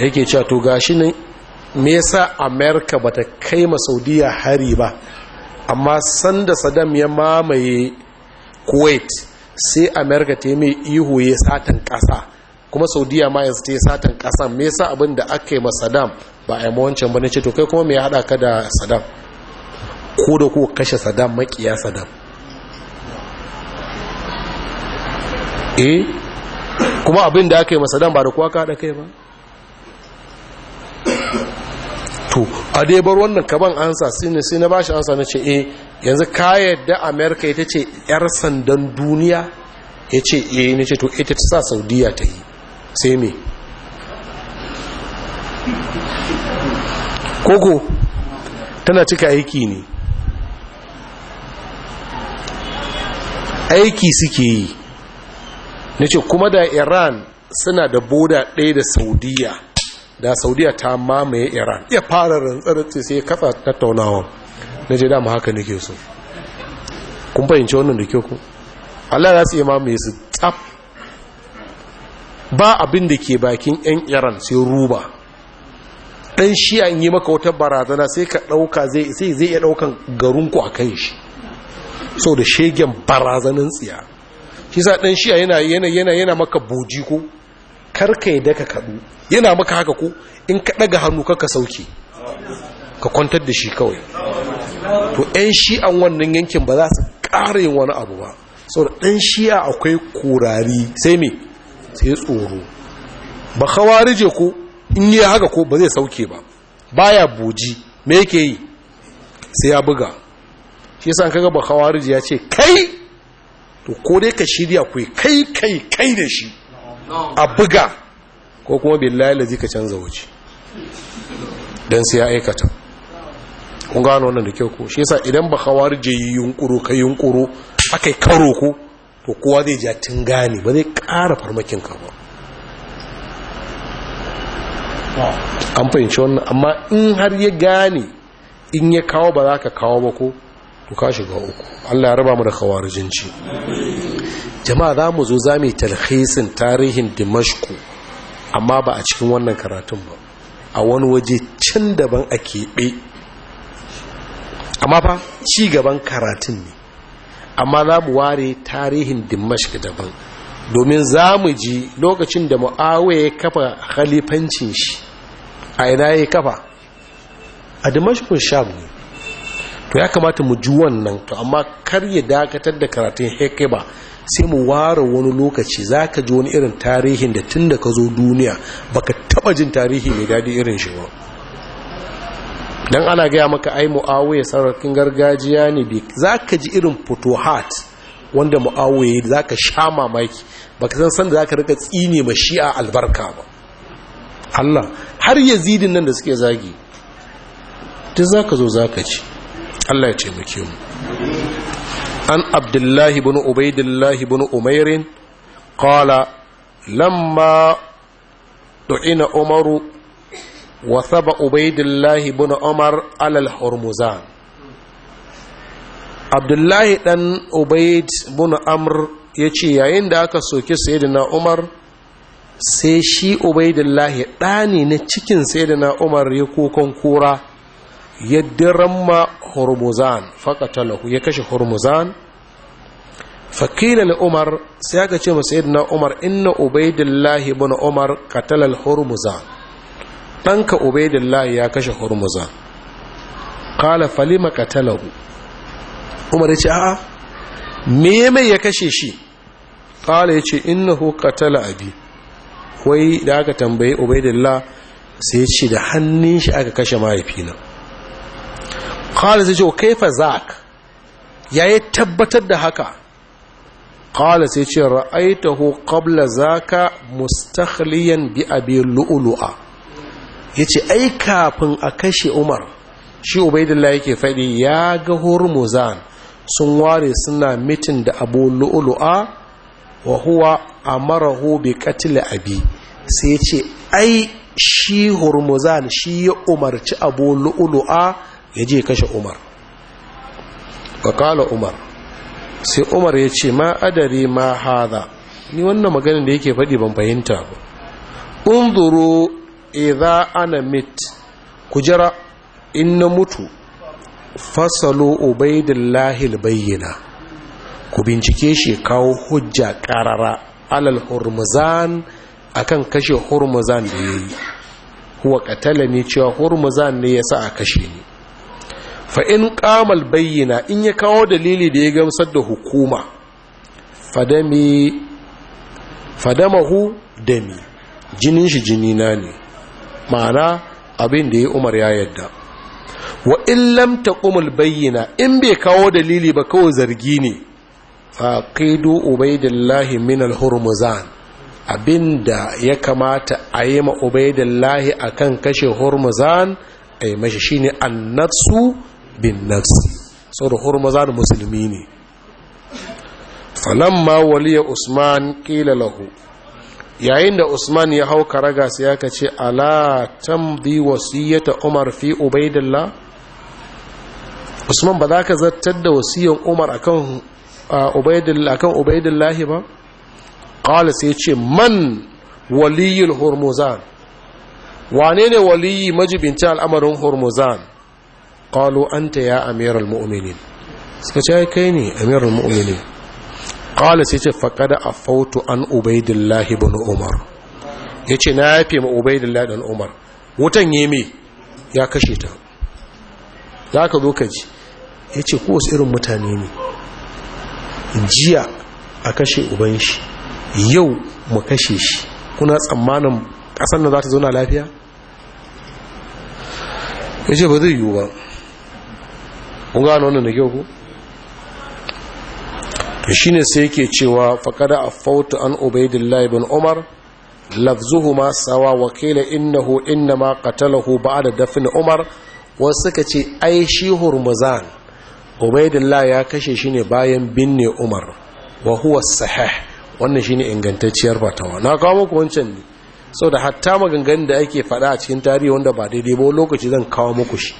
yake cewa to gashi ne me yasa amerika ta kai ma saudiya hari ba amma sanda saddam ya mamaye kuwait sai amerika ta yi mai ihu ya satan ƙasa kuma saudiya ma yanzu ta yi satan kasan me yasa abin da aka yi ma ba a yi ma wancan ba ce to kai kuma me ya haɗa ka da sadam ko da ko kashe sadam makiya sadam eh kuma abin da aka yi ma ba da kuwa ka haɗa kai ba to a dai bar wannan kaban ansa sine sai na bashi ansa na ce eh yanzu ka yadda america ita ce yar sandan duniya ya ce eh ne ce to ita ta sa saudiya ta yi sai me koko tana cika aiki ne aiki suke yi na ce kuma da iran suna da boda ɗaya da saudiya da saudiya ta mamaye iran ya fara rantsarci sai kafa tattaunawa na ce dama haka nake so kun fahimci wannan da kyau ku allah za su iya mamaye su tsaf ba abin da ke bakin 'yan iran sai ruba ɗan shi an yi maka wata barazana sai ka ɗauka sai zai ya ɗaukan garinku a kan shi sau da shegen barazanin tsiya shi sa ɗan shi yana yana yana maka boji ko karka yi daka kaɗu yana maka haka ko in ka ɗaga hannu kaka sauke ka kwantar da shi kawai to 'yan shi'an wannan yankin ba za su ƙara wani abu ba sau da ɗan shi'a akwai kurari sai me sai tsoro ba khawarije ko in yi haka ko ba zai sauke ba baya buji me yake yi sai ya buga shi yasa kaga ba khawarije ya ce kai to ko dai ka shirya ku kai kai kai da shi a buga ko kuma billahi la ka canza waje dan sai ya aikata kun gano wannan da kyau ko shi yasa idan ba khawarije yi yunkuro kai yunkuro akai karo ko to kowa zai ja tun gane ba zai kara farmakin ka ba an fahimci wannan amma in har ya gane in ya kawo ba za ka kawo ba ko to ka shiga uku Allah ya raba mu da jinci jama'a za mu zo za mu yi talhisin tarihin dimashku amma ba a cikin wannan karatun ba a wani waje can daban a keɓe amma fa ci gaban karatun ne amma za mu ware tarihin dimashq daban domin za mu ji lokacin da mu'awe ya kafa khalifancin shi a ina ya kafa a dimashqun sham ne to ya kamata mu ji wannan to amma kar ya dakatar da karatun ba sai mu ware wani lokaci za ka ji wani irin tarihin da tun da ka zo duniya baka taba jin tarihi mai daɗi irin shi ba dan ana gaya maka ai mu'awiya sarakin gargajiya ne bi za ka ji irin fotohat wanda mu'awiya za ka sha mamaki ba ka san san da za rika tsine ma shi'a albarka ba Allah har yazidin nan da suke zagi duk za ka zo za ka ci Allah ya ce mu an abdullahi bin Ubaidulahi bin umairin qala lamma du'ina umaru Wasaba Ubaidullahi ubaidillahi bin umar alal hormuzan abdullahi ɗan ubaid bin amr ya ce yayin da aka soki sayyidina umar sai shi ubaidillahi ɗani na cikin sayyidina umar ya kukan kura ya diramma hormuzan faƙatalahu ya kashe hormuzan fakila umar sai aka ce ma sayyidina umar inna ubaidillahi bin umar katalal hormuzan ɗanka ubaidillahi ya kashe hurmuza kala falima katalahu umar ya ce a'a me ya kashe shi kala ya ce innahu katala abi wai da aka tambaye ubaidillah sai ya ce da hannun shi aka kashe mahaifina kala sai ce o kaifa zak ya yi tabbatar da haka kala sai ce ra'aitahu qabla zaka mustakhliyan bi abi lu'lu'a ya ce ai kafin a kashe umar shi ubaidillah yake faɗi ya ga hormozan sun ware suna mitin da abu lu'ulu'a wa huwa a hobe bi a abi sai ya ce ai shi hormozan shi ya umarci abu lu'ulu'a ya je kashe umar faƙala umar sai umar ya ce ma adari ma haza ni wannan maganin da yake faɗi ban fahimta ba unzuru idha ana mit kujera in na mutu fasalo ubaidillahi bayyana ku bincike shi kawo hujja karara alal hurmuzan akan kashe hurmuzan da yayi huwa qatalani cewa hurmuzan ne ya sa a kashe ni fa in kamal bayyina in ya kawo dalili da ya gamsar da hukuma fadami fadamahu dami jinin shi jinina ne ma'ana abin da ya umar ya yadda wa illam umar bayyana in bai kawo dalili ba kawai zargi ne faqidu ubaidillahi min al-hurmuzan abinda ya kamata a yi ma ubaidillahi akan kashe hurmuzan ai mashi shine annatsu bin nafsi saboda hurmuzan musulmi ne falamma waliya usman kila lahu yayin da usman ya hau karaga sai aka ce ala tamdi wasiyyata umar fi ubaidillah usman ba za ka zartar da wasiyan umar akan akan ubaidillahi ba qala sai ce man waliyul hormuzan wane ne waliyi majibinta al'amarin hormuzan qalu anta ya amiral mu'minin suka ce kai ne amiral mu'minin qala sai ce faqad afautu an ubaidillah ibn umar yace na yafe ma ubaidillah ibn umar wutan yeme ya kashe ta zaka zo ka ji yace ko wasu irin mutane ne jiya a kashe uban shi yau mu kashe shi kuna tsammanin kasan da za ta zauna lafiya yace ba zai yiwu ba kun gano wannan da kyau ku shi ne sai yake cewa faƙada a fauta an ubaidillahi bin umar lafzuhu ma sawa wakila innahu inna ma qatalahu ba'da dafin umar wasu suka ce ai shi hurmuzan ubaidillah ya kashe shi ne bayan binne umar wa huwa sahih wannan shine ingantacciyar fatawa na kawo muku wancan ne saboda hatta maganganun da ake faɗa a cikin tarihi wanda ba daidai ba lokaci zan kawo muku shi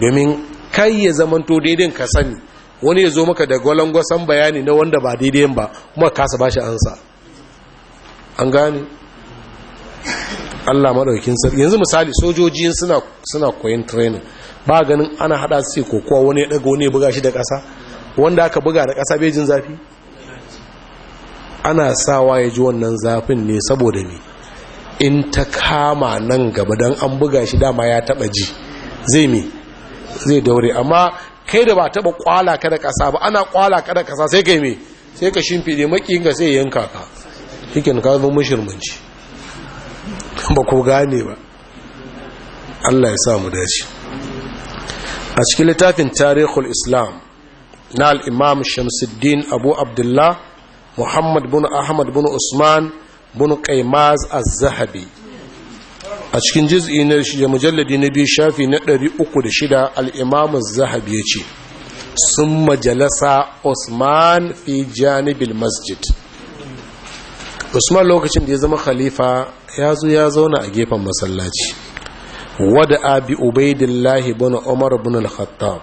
domin kai ya zamanto daidai ka sani wani ya zo maka da gwalangwasan bayani na wanda ba daidai ba kuma kasa ba shi ansa an gane allah maɗaukin sarki yanzu misali sojoji suna koyin training ba ganin ana hada su ko wani ya ɗaga wani ya buga shi da ƙasa wanda aka buga da ƙasa bai jin zafi ana sawa ya ji wannan zafin ne saboda ne in ta kama nan gaba don an buga shi dama ya taɓa ji zai me zai daure amma kai da ba taɓa kwala ka da kasa ba ana kwala ka da kasa sai kai me sai ka shimfiɗe maƙiyinka sai yanka ka hikin ka zo mashirmanci ba ko gane ba Allah ya sa mu dace a cikin littafin tarihul islam na al'imam shamsuddin abu abdullah muhammad bin ahmad bin usman bin qaymaz az-zahabi a cikin juz'i na shi mujalladi na biyu shafi na 306 da shida, az-zahabi yace sun majalasa usman fi janibil masjid usman lokacin da ya zama khalifa ya zo ya zauna a gefen masallaci wada abi ubaidillahi bin umar bin al-khattab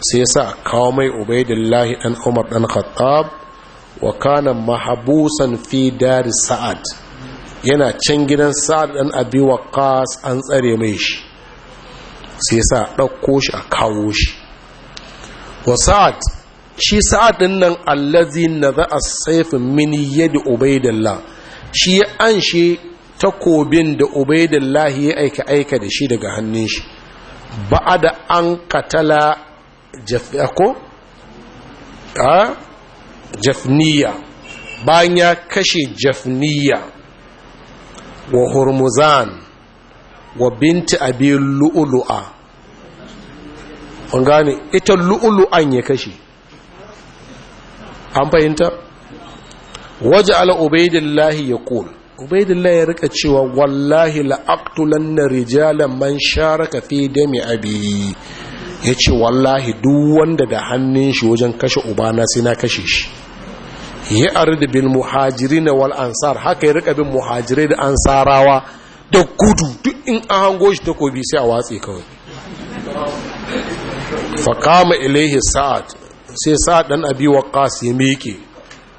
sai yasa kawo mai ubaidillahi dan umar dan khattab wa kana Mahabusan fi dar sa'ad yana can gidan sa'ad dan abi waqqas an tsare mai shi sai sa ɗauko shi a kawo shi wa sa'ad shi sa'ad din nan allazi nadha as-sayf min yadi shi ya anshe takobin da ubaidillah ya aika aika da shi daga hannun shi da an katala jafako a jafniya bayan ya kashe jafniya wa hormuzan wa binti abi lu'ulu'a an gane ita lu'ulu'an ya kashe an fahimta waje ala ya kul ubaidillahi ya rika cewa wallahi la'aktulan na rijalan man sharaka fi dami abi ya ce wallahi duk wanda da hannun shi wajen kashe ubana sai na kashe shi ya arda bil muhajirin wal ansar haka ya rika bin muhajirai da ansarawa da gudu duk in an hango shi takobi sai a watse kawai kama ilaihi sa'ad sai sa'ad dan abi waqas ya miƙe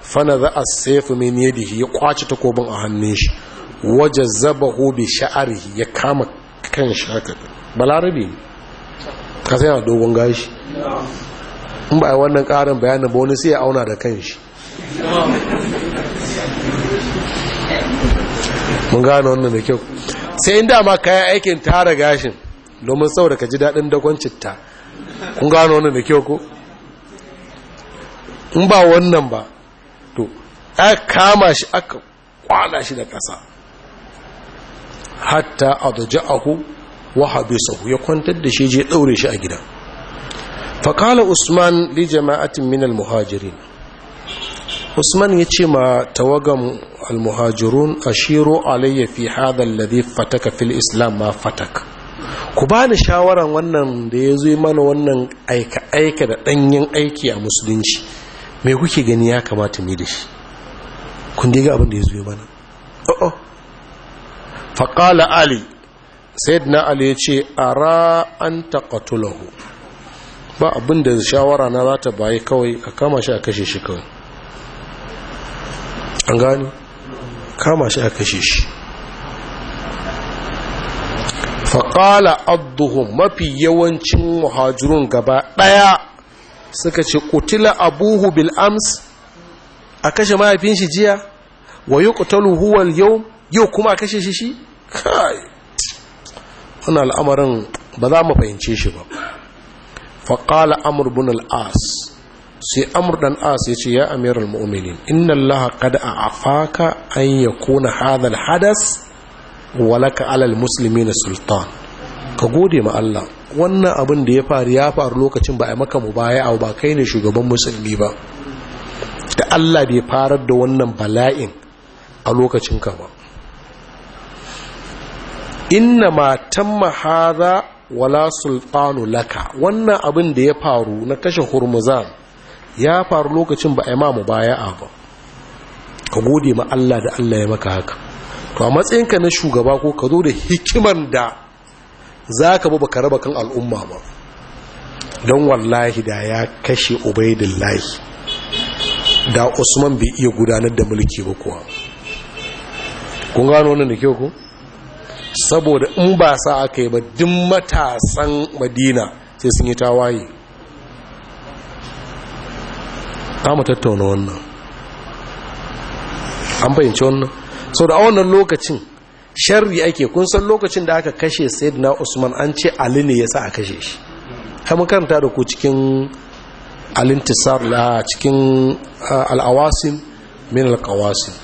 fana za as-sayf min yadihi ya kwace takobin a hannun shi wajazzabahu bi sha'rihi ya kama kan shaka balarabi ka sai dogon gashi in ba wannan karin bayanin ba wani sai ya auna da kanshi mun gano wannan da kyau sai inda ma kaya aikin tara gashin domin saura ka ji daɗin dagon citta kun gano wannan da kyau ko in ba wannan ba to aka kama shi aka kwana shi da ƙasa hatta a daja'ahu wa habisahu ya kwantar da shi je ɗaure shi a gida fakala usman li jama'atin minal muhajirin usman ya ce ma tawagan almuhajirun ashiru alayya fi hadha alladhi fataka fil islam ma fatak ku ba ni shawaran wannan da ya zo mana wannan aika aika da danyen aiki a musulunci me kuke gani ya kamata ni da shi kun diga abin da ya zo mana o'o ali sayyidina ali ya ce ara an taqatulahu ba abin da shawara na za ta baye kawai a kama shi a kashe shi kawai an gani kama shi a kashe shi faƙala abduhun mafi yawancin muhajirun gaba ɗaya suka ce kutila abuhu bil ams a kashe mahaifin shi jiya wa yi kutalu huwal yau yau kuma a kashe shi shi kai wani al'amarin ba za mu fahimce shi ba faƙala amurbin al'as sai Amurdan dan as ya ce ya amiral mu'minin inna allaha qad afaka an yakuna hadha al hadas walaka alal muslimin sultan ka gode ma Allah wannan abin da ya faru ya faru lokacin ba a maka mubaya'a ba kai ne shugaban musulmi ba da Allah bai farar da wannan bala'in a lokacin ka ba inna ma tamma hadha wala sultanu laka wannan abin da ya faru na kashe hurmuzan ya faru lokacin ba a mu a ba ka gode ma Allah da Allah ya maka haka to a matsayinka na shugaba ko ka zo da hikiman da za ka ba ka raba kan al'umma ba don wallahi da ya kashe ubaidillahi da usman bai iya gudanar da mulki ba kuwa kun gano wannan da kyau ku saboda in ba sa aka yi ba duk matasan madina sai sun yi tawaye za mu tattauna wannan an fahimci wannan sau da wannan lokacin sharri ake kun san lokacin da aka kashe sayyidina usman an ce ali ne ya sa a kashe shi kamar karanta da ku cikin alintisar la cikin ah, al'awasin min alƙawasin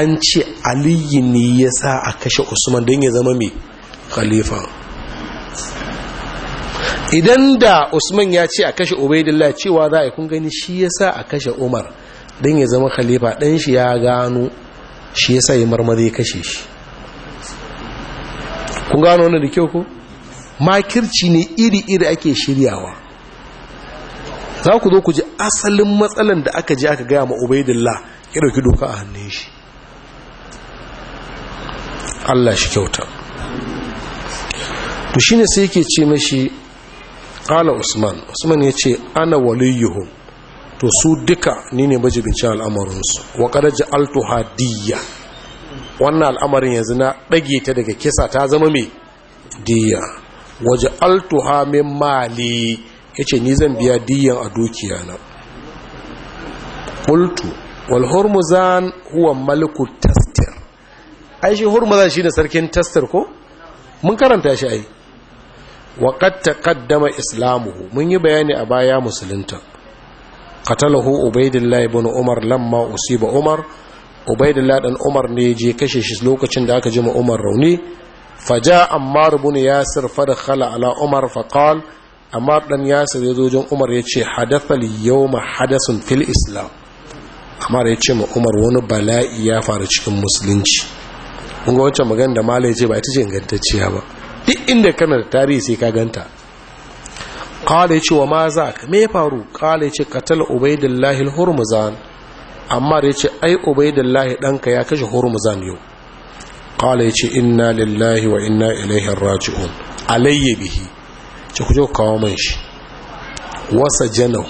an ce aliyu ne ya sa a kashe usman don ya zama mai khalifa idan da usman ya ce a kashe ubaidillah cewa za a kun gani shi yasa a kashe umar don ya zama khalifa ɗan shi ya gano shi yasa ya marmari ya kashe shi kun gano wannan da kyau ko makirci ne iri-iri ake shiryawa za ku zo ku ji asalin matsalan da aka ji aka gaya ma ubaidillah ya ɗauki doka a hannun shi Allah shi kyauta to ne sai yake ce mashi kala usman usman ya ce ana waliyuhum to su duka ni ne majibincin al'amarinsu wa kada ja'altu hadiyya wannan al'amarin yanzu na ɗage ta daga kisa ta zama mai diya waje altuha min mali ya ce ni zan biya diyan a dukiya na ƙultu wal hurmuzan huwa maliku tastir ai shi hurmuzan shi sarkin tastir ko mun karanta shi ai وقد تقدم إسلامه من يبياني أبايا مسلمتا قتله عبيد الله بن عمر لما أصيب عمر عبيد الله بن عمر نيجي كشش لوكا داك جمع عمر روني فجاء عمار بن ياسر فدخل على عمر فقال عمار بن ياسر يزوج عمر يتشي حدث اليوم حدث في الإسلام عمار يتشي ما عمر ونو بلائي يا فارج كم مسلمش kun ga wancan magana da malai ce ba ita ce ingantacciya ba duk inda kana da tarihi sai ka ganta kala ya ce wa ma za ka me faru kala ya ce katal ubaidillahi hurmuzan amma da ya ce ai ubaidillahi ɗanka ya kashe hurmuzan yau kala ya ce inna lillahi wa inna ilaihi raji'un alayya bihi ce ku je kawo man shi wasa janahu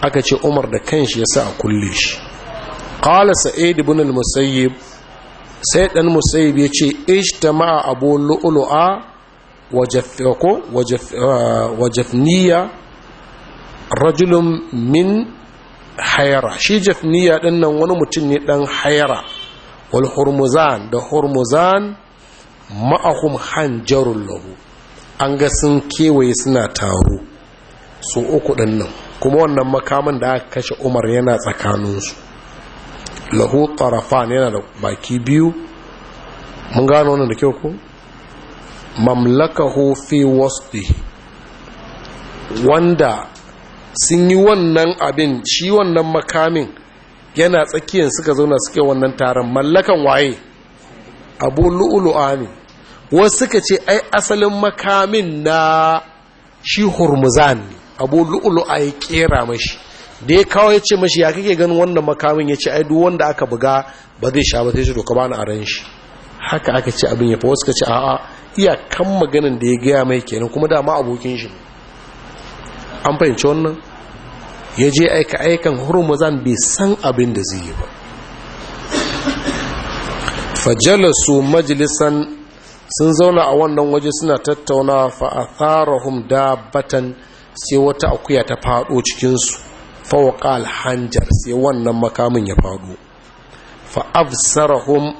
aka ce umar da kanshi ya sa a kulle shi kala sa'id ibn al-musayyib sai dan musayyib ya ce ijtama'a abu lu'lu'a wajafniya rajulun hayara shi jafniya ɗin nan wani mutum ne ɗan hayara wal hurmuzan da hurmuzan ma'ahum hanjarun lahu an ga sun kewaye suna taru su uku ɗin nan kuma wannan makamin da aka kashe umar yana tsakaninsu lahu tarafan yana da baki biyu mun gano wannan da kyau ko mamlakahu fi wasfihi wanda sun yi wannan abin shi wannan makamin yana tsakiyar suka zauna suke wannan taron mallakan waye abu lu'ulu'a ne wasu suka ce ai asalin makamin na shi hurmuzan ne abu lu'ulu'a ya kera mashi da ya kawo ya ce mashi ya kake ganin wannan makamin ya ce ai duk wanda aka buga ba zai sha ba zai shi doka ba na a ran shi haka aka ce abin ya fa wasu ka ce a'a Iya kan maganin da ya gaya mai kenan kuma dama abokin shi an fahimci wannan ya je aika aikan hurmuzan bai san abin da zai yi ba fajalasu majalisan sun zauna a wannan waje suna tattauna fa'atharahum dabbatan sai wata akuya ta fado cikinsu fawqa hanjar sai wannan makamin ya fado fa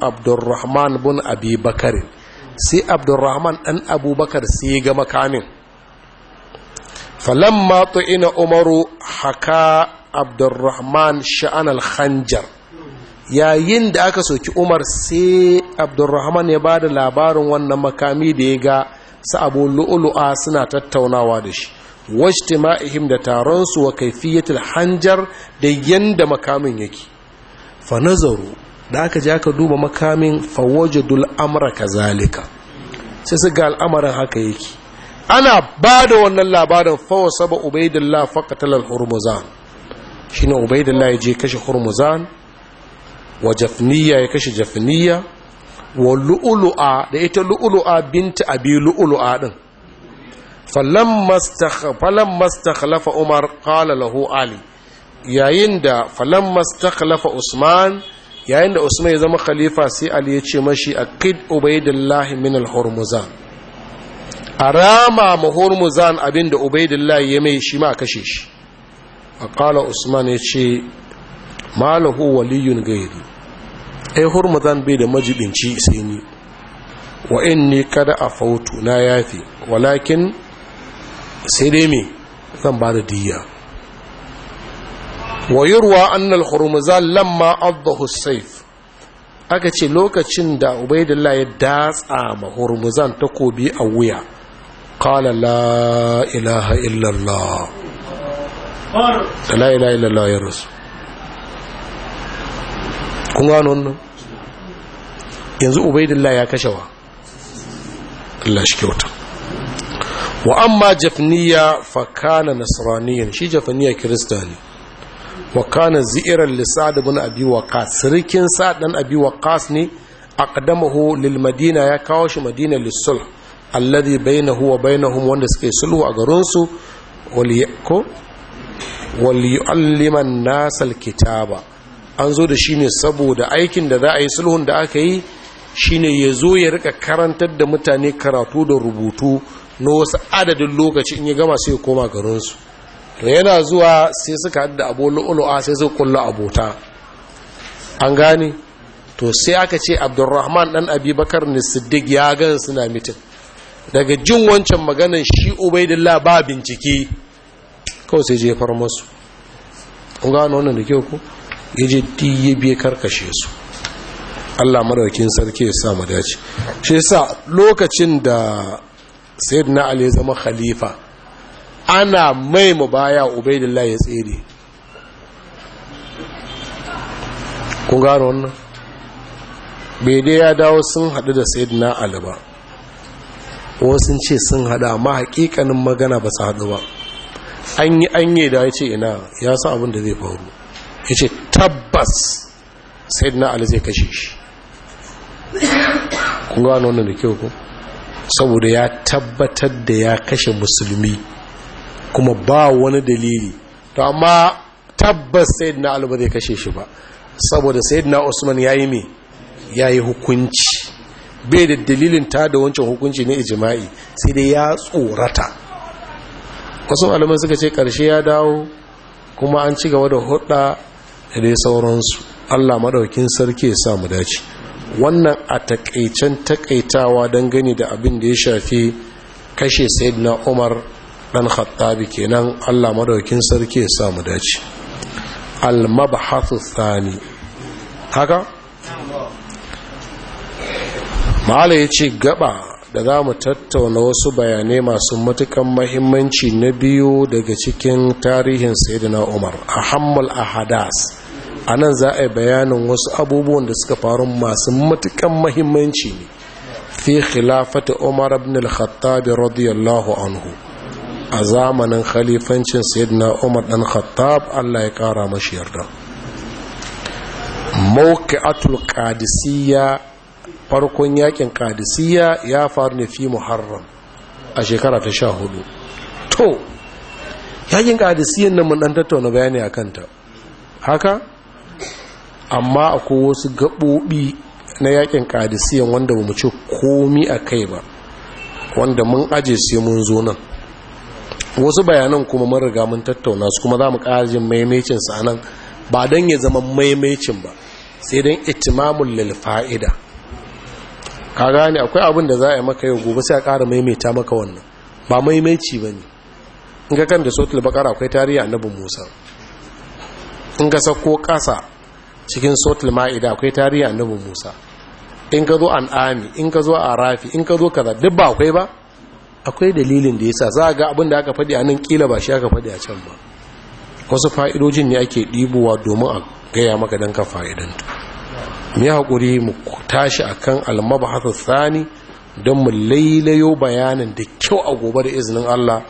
abdurrahman bin abi bakarin sai abdurrahman ɗan abubakar sai ga makamin falamma ina umaru haka abdurrahman sha'an alhanjar yayin da aka soki umar sai abdurrahman ya ba da labarin wannan makami da ya ga sa abu lu'ulu'a suna tattaunawa da shi wajtima'ihim da taron su wa kaifiyatul hanjar da yanda makamin yake fa nazaru da aka ji aka duba makamin fawajadul amra kazalika sai su ga al'amarin haka yake ana ba da wannan labarin fawa saba ubaidillah faqatal hurmuzan shine ubaidillah ya je kashe hurmuzan wa jafniya ya kashe jafniya wa lu'lu'a da ita lu'lu'a binta abi lu'lu'a din falamma istakhlafa umar qala lahu ali yayin da falamma istakhlafa usman yayin da usman ya zama khalifa sai ali ya ce mashi aqid ubaidullahi min al-hurmuzan arama ma hurmuzan abinda ubaidullahi ya mai shi ma kashe shi A kala usman ya ce malahu waliyun gairi ai hurmuzan bai da majibinci sai ni wa inni kada afautu na yafi walakin sai dai me zan ba da diyya Wayurwa yurwa annal hurmuzan lamma addahu saif aka ce lokacin da ubaidillah ya datsa ma hurmuzan takobi a wuya qala la ilaha illallah la ilaha illallah ya rasu kun gano wannan yanzu ubaidillah ya kashewa. Allah shi kyauta wa amma jafniya fa kana nasraniyan shi jafniya kirista ne wa kana zi'irar lissad ibn abi waqas sirkin sa'ad dan abi waqas ne aqdamahu lil madina ya kawo shi madina lisulh alladhi bainahu wa bainahum wanda suke sulhu a garin su ko wal an nas al kitaba an zo da shi ne saboda aikin da za a yi sulhun da aka yi shine ya zo ya rika karantar da mutane karatu da rubutu na wasu adadin lokaci in ya gama sai ya koma garinsu to yana zuwa sai suka hada abu lu'ulu'a sai su kulla abota an gane to sai aka ce abdurrahman dan abubakar ne siddiq ya gan suna mitin daga jin wancan maganan shi ubaidillah ba bincike kawai sai jefar masu An gano wannan da kyau ko ya je biye karkashe su Allah madaukin sarki ya sa mu dace shi yasa lokacin da sayyidina ali zama khalifa ana mai mu baya ubaidillah ya tsere kun gano wannan bede ya dawo sun hadu da sayyidina ali ba wasu ce sun hadu amma hakikanin magana ba su hadu ba an yi an yi da ya ce ina ya san abin da zai faru ya ce tabbas sayyidina ali zai kashe shi kun gano wannan da kyau ku saboda ya tabbatar da ya kashe musulmi kuma ba wani dalili to amma tabbas sayyidina ali ba zai kashe shi ba saboda sayyidina usman yayi me yayi hukunci bai da dalilin ta da wancan hukunci na ijima'i sai dai ya tsorata wasu malaman suka ce karshe ya dawo kuma an ci gaba da hudda da dai sauransu allah maɗaukin sarki ya samu dace wannan a takaicen takaitawa gani da abin da ya shafi kashe sayyidina umar dan khattabi kenan Allah madaukin sarki ya sa dace al mabhathu thani haka mala yace gaba da za mu tattauna wasu bayanai masu matukan mahimmanci na biyu daga cikin tarihin sayyidina Umar ahammul ahadas anan za a yi bayanin wasu abubuwan da suka faru masu matukan mahimmanci ne fi khilafati umar ibn al-khattab radiyallahu anhu a zamanin khalifancin sayyidina umar dan khattab allah ya kara mashi yarda mawqi'atul qadisiyya farkon yakin qadisiyya ya faru ne fi muharram a shekara ta sha hudu to yakin qadisiyyan nan mun dan tattauna bayani a kanta haka amma akwai wasu gabobi na yakin qadisiyyan wanda bamu ci komi a kai ba wanda mun aje sai mun zo nan wasu bayanan kuma mun riga mun tattauna su kuma za mu ƙarajin maimacin sa nan ba don ya zama maimacin ba sai don itimamun lalfa'ida. ka gane akwai abin da za a yi maka yau gobe sai a ƙara maimaita maka wannan ba maimaci ba ne in ka kan da sautul bakara akwai tarihi annabin musa in ka sako ƙasa cikin sautul ma'ida akwai tarihi annabin musa in ka zo an'ami in ka zo arafi in ka zo kaza duk ba akwai ba akwai dalilin da yasa za a ga abin da aka faɗi a nan kila ba shi aka faɗi a can ba wasu fa'idojin ne ake ɗibowa domin a gaya maka don ka fa'idanta mu haƙuri mu tashi a kan almaba haka tsani don mu lailayo bayanin da kyau a gobe da izinin Allah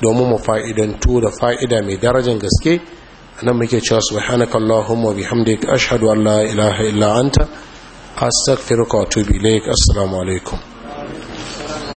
domin mu fa'idantu da fa'ida mai darajar gaske nan muke cewa subhanaka allahumma bihamdika ashhadu an ilaha illa anta astaghfiruka wa ilaik assalamu alaikum